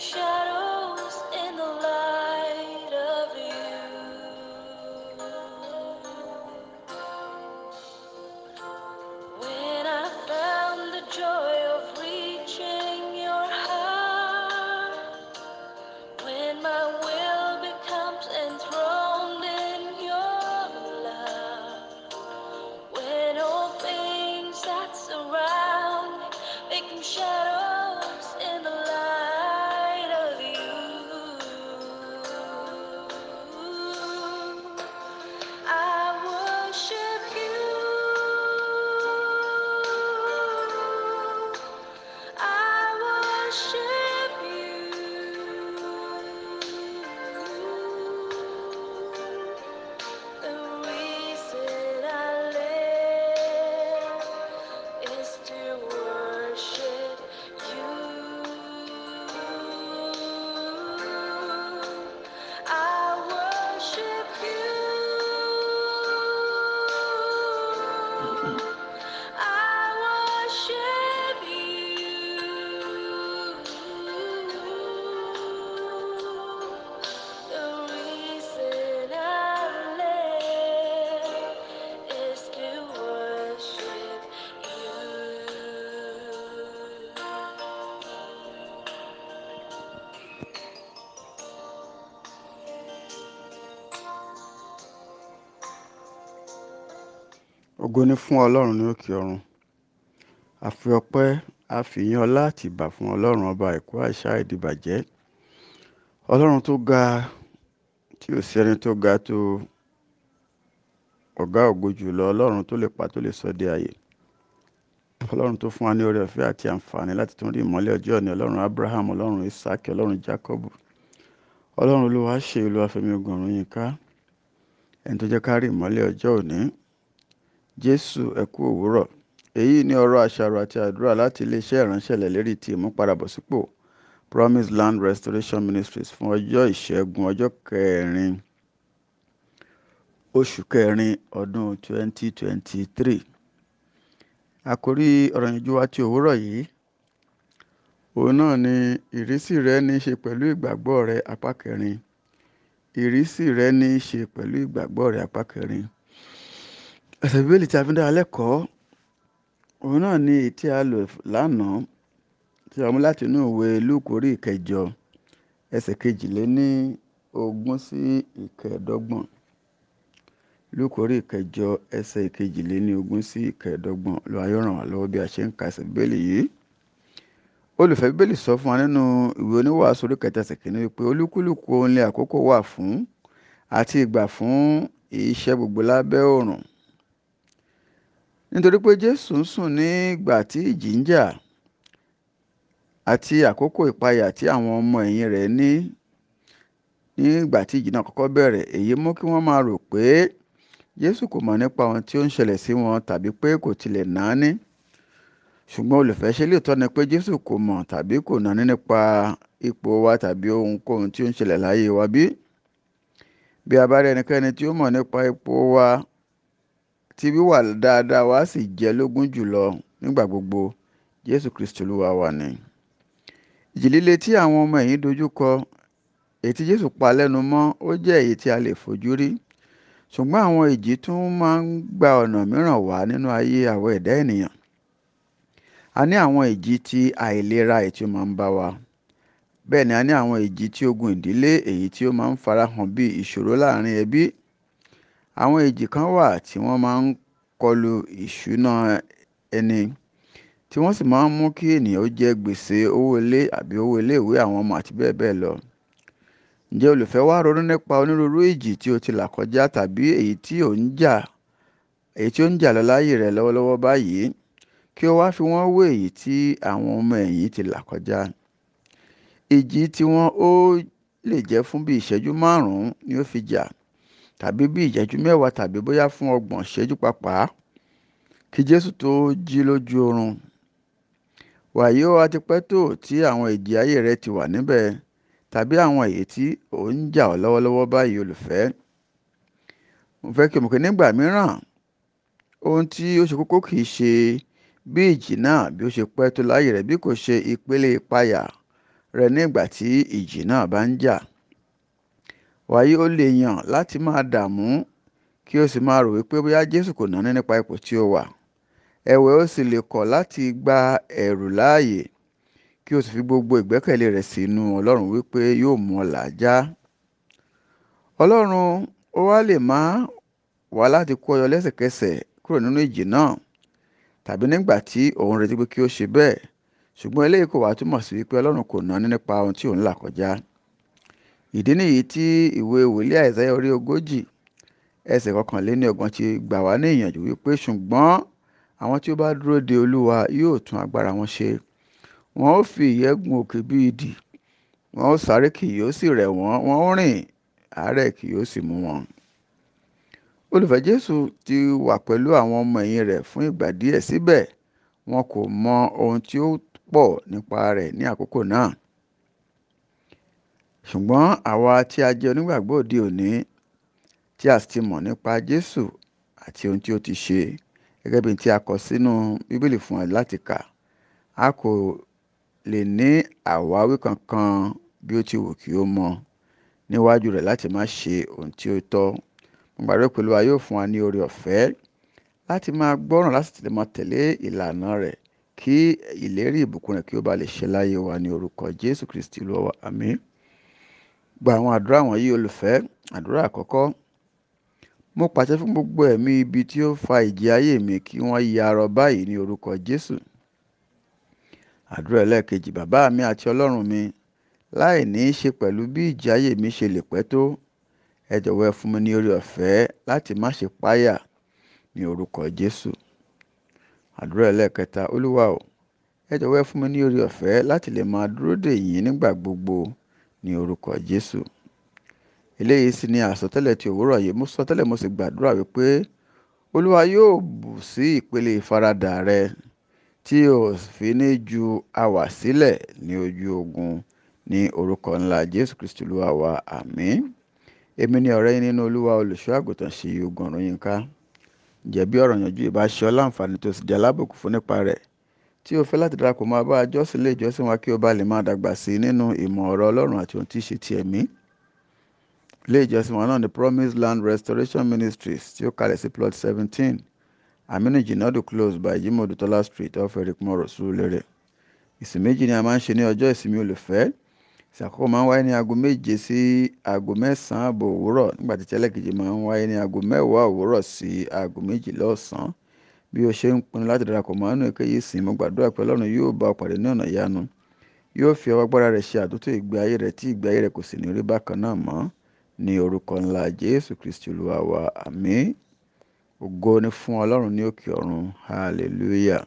shine. ògo ni fún ọlọ́run ní òkè ọ̀run àfi ọpẹ́ àfihàn ọlá àti ìbà fún ọlọ́run ọba ẹ̀kọ́ àṣà ìdìbàjẹ́ ọlọ́run tó ga tí ò sí ẹni tó ga tó ọ̀gá ògo jùlọ ọlọ́run tó lè pa tó lè sọ di àyè ọlọ́run tó fún wa ní oore ọ̀fẹ́ àti àǹfààní láti tún rí ìmọ́lẹ̀ ọjọ́ ní ọlọ́run abraham ọlọ́run isaac ọlọ́run jacob ọlọ́run olúwa ṣe olúwa fẹ́mi ogun ọ̀run yín ká ẹni tó jẹ́ ká rí ìmọ́lẹ̀ ọjọ́ òní Jésù, ẹ kú òwúrọ̀. Èyí ni ọ̀rọ̀ àṣàrò àti àdúrà láti iléeṣẹ́ ìránṣẹ́ ìlérí ti ìmúpadàbọ̀sípò Promise Land Restoration Ministries fún ọjọ́ ìṣẹ́gun ọjọ́ kẹrin oṣù kẹrin ọdún 2023. Àkórí ọ̀rọ̀ ìyànjú wa ti òwúrọ̀ yìí òun náà ni ìrísí rẹ ní í ṣe pẹ̀lú ìgbàgbọ́ rẹ apá kẹrin ìrísí rẹ ní í ṣe pẹ̀lú ìgbàgbọ́ rẹ apá kẹrin Ọ̀sẹ̀ bíbélì tí a fi ń dára lẹ́kọ̀ọ́ òun náà ni èyí tí a lò lánàá tí a mú láti inú ìwé Lúùkù orí ìkẹjọ ẹsẹ̀ kejìléní ogún sí ìkẹẹ̀dọ́gbọ̀n. Lúùkù orí ìkẹjọ ẹsẹ̀ kejìléní ogún sí ìkẹẹ̀dọ́gbọ̀n Olúwa yóò ràn wá lọ́wọ́ bí a ṣe ń ka ẹsẹ̀ bíbélì yìí. Olùfẹ́ bíbélì sọ fún wa nínú ìwé oníwàásù orí kẹta ẹsẹ̀ kìíní wípé olúkúlùkù ohun ni àkókò wà fún àti ìgbà fún iṣẹ́ gbogbo lábẹ́ ọ̀run nítorí pé jésù ń sùn ní ìgbà tí ìjì ń jà àti àkókò ìpayà tí àwọn ọmọ ẹ̀yìn rẹ̀ ní ní ìgbà tí ìjì náà kọ́kọ́ bẹ̀rẹ̀ èyí mú kí wọ́n máa rò pé jésù kò mọ̀ nípa ohun tí ó ń ṣẹlẹ̀ sí wọn tàbí pé kò tilẹ̀ náání ṣùgbọ́n olùfẹ́ ṣe lè tọ́ni pé jésù kò mọ̀ tàbí kò náání nípa ipò wa tàbí ohunkóhun tí ó ń ṣẹlẹ̀ láyé wa bí bí a bá rí ẹnikẹ́ni tí ó mọ̀ nípa ipò wa tí wíwà dáadáa wa sì jẹ́ lógún jùlọ nígbà gbogbo jésù kristi olúwa wa ni. ìjì líle tí àwọn ọmọ ẹ̀yìn dojú kọ èyí tí jésù pa lẹ́nu mọ́ ó jẹ́ èyí tí a lè fojú rí ṣùgbọ́n àwọn ìjì tún máa ń gba ọ̀nà mìíràn wá nínú ayé àwọn ẹ̀dá ènìyàn a ní àwọn ìjì tí àìlera èyí tí ó máa ń bá wa bẹ́ẹ̀ ni a ní àwọn ìjì tí ogun ìdílé èyí tí ó máa ń farahàn bí ìṣòro láàrin ẹbí Àwọn ìjì kan wà tí wọ́n máa ń kọlu ìṣúná ẹni, tí wọ́n sì máa ń mú kí ènìyàn jẹ gbèsè owó ilé àbí owó ilé ìwé àwọn ọmọ àti bẹ́ẹ̀ bẹ́ẹ̀ lọ. Ǹjẹ́ olùfẹ́ wá ronú nípa onírúurú ìjì tí o ti là kọjá tàbí èyí tí ò ń jà, èyí tí ó ń jà lọ láyé rẹ lọ́wọ́lọ́wọ́ báyìí kí o wá fi wọ́n wé èyí tí àwọn ọmọ ẹ̀yìn ti là kọjá. Ìjì tiwọn ó lè jẹ́ fún bí ìṣẹ́jú márùn-ún ni ó fi jà tàbí bí ìṣẹ́jú mẹ́wàá tàbí bóyá fún ọgbọ̀n ìṣẹ́jú pàápàá kí Jésù tó jí lójú oorun. Wàyí ó a ti pẹ́ tó tí àwọn ìjì ayé rẹ ti wà níbẹ̀ tàbí àwọn èyí tí ò ń jà ọ́ lọ́wọ́lọ́wọ́ báyìí olùfẹ́. Mo fẹ́ kí o mọ̀ pé nígbà mìíràn ohun tí ó ṣe kókó kì í ṣe bí ìjì náà bí ó ṣe pẹ́ tó láyé rẹ bí kò ṣe ìpele ìpayà rẹ nígbà tí ìjì náà bá ń jà wàyí o lè yàn láti máa dààmú kí o sì máa rò wípé bóyá jésù kò náni nípa ipò tí o wà ẹ̀wẹ̀ o sì lè kọ̀ láti gba ẹ̀rù láàyè kí o sì fi gbogbo ìgbẹ́kẹ̀lé rẹ̀ sínú ọlọ́run wípé yóò mú ọ là já ọlọ́run ó wá lè má wá láti kó ọyọ lẹ́sẹ̀kẹsẹ̀ kúrò nínú ìjì náà tàbí nígbà tí òun retí pé kí ó ṣe bẹ́ẹ̀ ṣùgbọ́n eléyìí kò wá túmọ̀ sí wípé ọlọ́run kò náni nípa ohun tí òun là kọjá ìdí nìyí tí ìwé wòlíì àìsáyà orí ogójì ẹsẹ̀ kọkànléní ọgbọ̀n ti gbà wá ní ìyànjú wípé ṣùgbọ́n àwọn tí ó bá dúró de olúwa yóò tún agbára wọn ṣe wọn ó fi ìyẹ́ gun òkè bí idì wọn ó sáré kì yóò sì rẹ̀ wọ́n wọn ó rìn àárẹ̀ kì yóò sì mú wọn. olùfẹ́ jésù ti wà pẹ̀lú àwọn ọmọ ẹ̀yìn rẹ̀ fún ìgbà díẹ̀ síbẹ̀ wọn kò mọ ohun tí ó pọ̀ nípa rẹ̀ ní àkókò náà Ṣùgbọ́n àwa tí a jẹ́ onígbàgbọ́ òde òní tí a sì ti mọ̀ nípa Jésù àti ohun tí ó ti ṣe gẹ́gẹ́ bí tí a kọ sínú Bíbélì fún wa láti kà, a kò lè ní àwáwí kankan bí ó ti wù kí ó mọ níwájú rẹ̀ láti má ṣe ohun tí ó tọ́. Mo gbàdúrà pé Olúwa yóò fún wa ní oore ọ̀fẹ́ láti máa gbọ́ràn láti lè máa tẹ̀lé ìlànà rẹ̀ kí ìlérí ìbùkún rẹ̀ kí ó bá lè ṣẹ láyé wa ní orúkọ Jésù Kristi Olúwa wa gba àwọn àdúrà wọ̀nyí olùfẹ́. Àdúrà àkọ́kọ́. Mo pàṣẹ fún gbogbo ẹ̀mí ibi tí ó fa ìjì ayé mi kí wọ́n ya arọ báyìí ní orúkọ Jésù. Àdúrà ẹlẹ́ẹ̀kejì. Bàbá mi àti Ọlọ́run mi, láìní í ṣe pẹ̀lú bí ìjì ayé mi ṣe lè pẹ́ tó, ẹ jọ̀wọ́ ẹ fún mi ní oore ọ̀fẹ́ láti má ṣe páyà ní orúkọ Jésù. Àdúrà ẹlẹ́ẹ̀kẹta. Olúwa o, ẹ jọ̀wọ́ ẹ fún mi ní oore ọ̀fẹ́ láti lè máa dúró dè yín nígbà gbogbo ní orúkọ Jésù eléyìí sì ni àsọtẹ́lẹ̀ ti òwúrọ̀ yìí mo sọtẹ́lẹ̀ mo sì gbàdúrà wípé olúwa yóò bù sí ìpele ìfaradà rẹ tí o fi ní ju àwa sílẹ̀ ní ojú ogun ní orúkọ ńlá Jésù Kristi olúwa wa àmín èmi ni ọ̀rẹ́ nínú olúwa olùṣọ́ àgùntàn ṣèyí ogun ọ̀run yín ká jẹ̀bi ọ̀rọ̀ yanjú ìbáṣọ́ láǹfààní tó sì di alábòkú fún nípa rẹ̀ tí o fẹ́ láti darapọ̀ mọ́ abá jọ́sìn ilé ìjọsìn wa kí o bá lè máa dàgbà sí i nínú ìmọ̀ ọ̀rọ̀ ọlọ́run àti ohun tí í ṣe ti ẹ̀mí ilé ìjọsìn wa náà ni promise land restoration ministries tí ó kalẹ̀ sí plot seventeen aminu jinadu close by yimodu tola street off eric moro surulere ìsìn méjì ni a máa ń ṣe ní ọjọ́ ìsinmi olùfẹ́ ìsàkókò máa ń wáyé ní aago méje sí aago mẹ́sàn-án àbọ̀ òwúrọ̀ nígbà tí tẹ́lẹ̀kejì máa ń wáyé ní aago mẹ́wàá òwúrọ̀ sí aago méjìlá ọ̀sán Bí o ṣe ń pinnu láti darapọ̀ mọ́ nínú èkéyìí ìsìn, mo gbàdúrà pé Ọlọ́run yóò bá ọ pàdé ní ọ̀nà ìyanu. Yóò fi ọwọ́ agbára rẹ̀ ṣe àtúntò ìgbé ayé rẹ tí ìgbé ayé rẹ kò sì ní rí bákan náà mọ́. Ní orúkọ ńlá Jésù Kristi Olúwa wa. Àmín. Ògo ni fún Ọlọ́run ní òkè ọ̀run. Hallelujah.